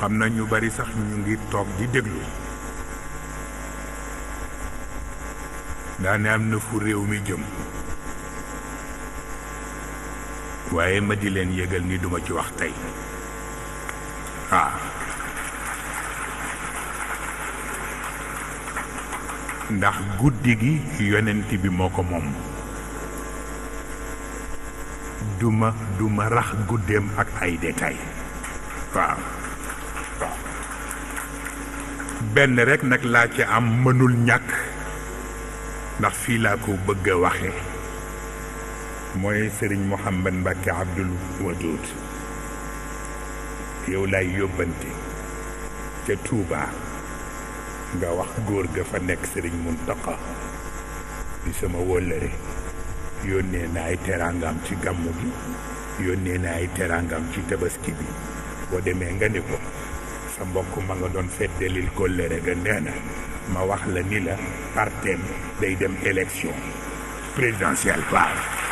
xam na ñu bari sax ñu ngi toog di déglu daane am na fu réew mi jëm waaye ma di leen yëgal ni duma ci wax tey ah. ndax guddi gi yonent bi moo ko moom duma duma rax guddeem ak ay détail waaw benn rekk nag laa ci am mënul ñàkk ndax fii laa ko bëgg a waxe mooy sëriñ Mouhamad Mbacke Abdoul Wadoud yow lay yóbbante ca Touba nga wax góor ga fa nekk sëriñ Mountakha di sama wóllëre yónnee na ay teraangam ci gàmmu gi yónnee na ay teraangam ci tabaski bi boo demee nga ne ko sa mbokku ma nga doon feddelil kóllëre ga nee na ma wax la ni la partem day dem élection présidentielle par